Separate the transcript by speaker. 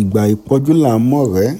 Speaker 1: ìgbà ìpọ́njú là ń mọ̀rẹ́.